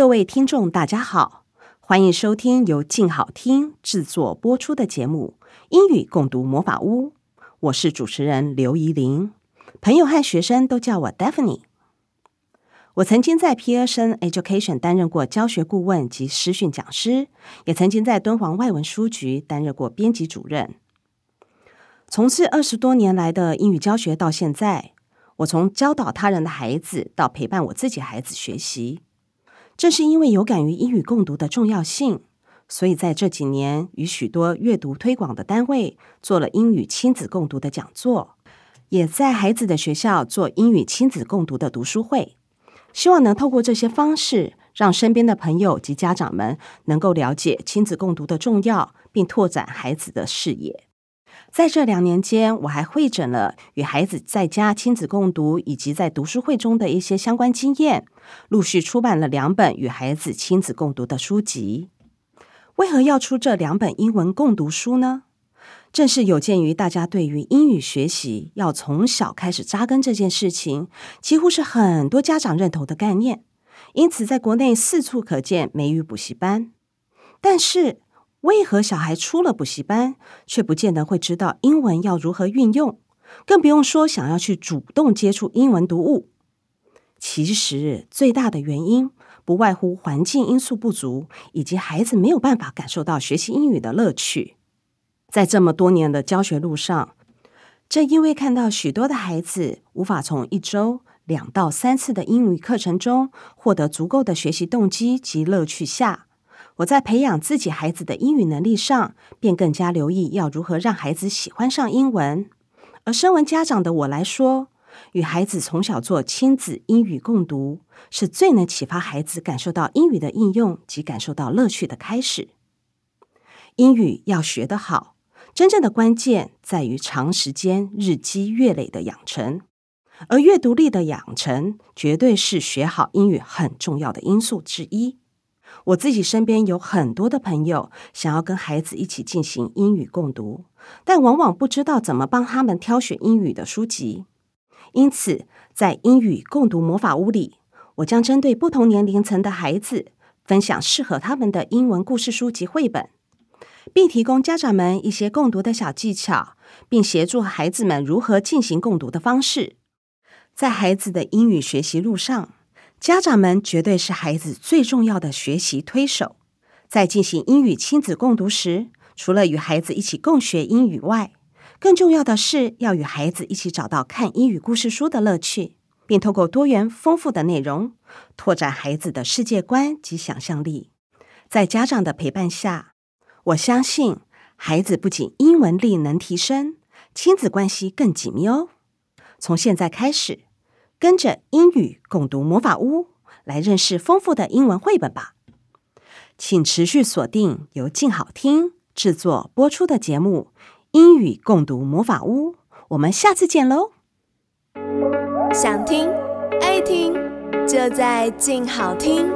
各位聽眾，大家好，歡迎收聽由靜好聽制作播出的節目《英語共讀魔法屋》，我是主持人劉怡伶，朋友和學生都叫我 Daphne。我曾經在 Pearson Education 擔任過教學顧問及師訓講師，也曾經在敦煌外文書局擔任過編輯主任。從事二十多年來的英語教學，到現在，我從教導他人的孩子，到陪伴我自己孩子學習。正是因為有感於英語共讀的重要性，所以在這幾年與許多閱讀推廣的單位做了英語親子共讀的講座，也在孩子的學校做英語親子共讀的讀書會，希望能透過這些方式，讓身邊的朋友及家長們能夠了解親子共讀的重要，並拓展孩子的視野。在這兩年間，我還彙整了與孩子在家親子共讀，以及在讀書會中的一些相關經驗，陸續出版了兩本與孩子親子共讀的書籍。為何要出這兩本英文共讀書呢？正是有鑑於大家對於英語學習要從小開始扎根這件事情，幾乎是很多家長認同的概念，因此在國內四處可見美語補習班。但是。為何小孩出了補習班，卻不見得會知道英文要如何運用，更不用說，想要去主動接觸英文讀物。其實最大的原因不外乎環境因素不足，以及孩子沒有辦法感受到學習英語的樂趣。在這麼多年的教學路上，正因為看到許多的孩子無法從一周兩到三次的英語課程中獲得足夠的學習動機及樂趣下。我在培養自己孩子的英語能力上，便更加留意要如何讓孩子喜歡上英文。而身為家長的我來說，與孩子從小做親子英語共讀，是最能啟發孩子感受到英語的應用及感受到樂趣的開始。英語要學得好，真正的關鍵在於長時間日積月累的養成，而閱讀力的養成絕對是學好英語很重要的因素之一。我自己身邊有很多的朋友想要跟孩子一起進行英語共讀，但往往不知道怎麼幫他們挑選英語的書籍。因此，在英語共讀魔法屋裡，我將針對不同年齡層的孩子分享適合他們的英文故事書及繪本，並提供家長們一些共讀的小技巧，並協助孩子們如何進行共讀的方式。在孩子的英語學習路上，家長們絕對是孩子最重要的學習推手。在進行英語親子共讀時，除了與孩子一起共學英語外，更重要的是要與孩子一起找到看英語故事書的樂趣，並透過多元豐富的內容拓展孩子的世界觀及想象力。在家長的陪伴下，我相信孩子不僅英文力能提升，親子關係更緊密哦。從現在開始。跟着英語共讀魔法屋，來認識豐富的英文繪本吧！請持續鎖定由靜好聽制作播出的節目《英語共讀魔法屋》，我們下次見嘍！想聽愛聽，就在靜好聽。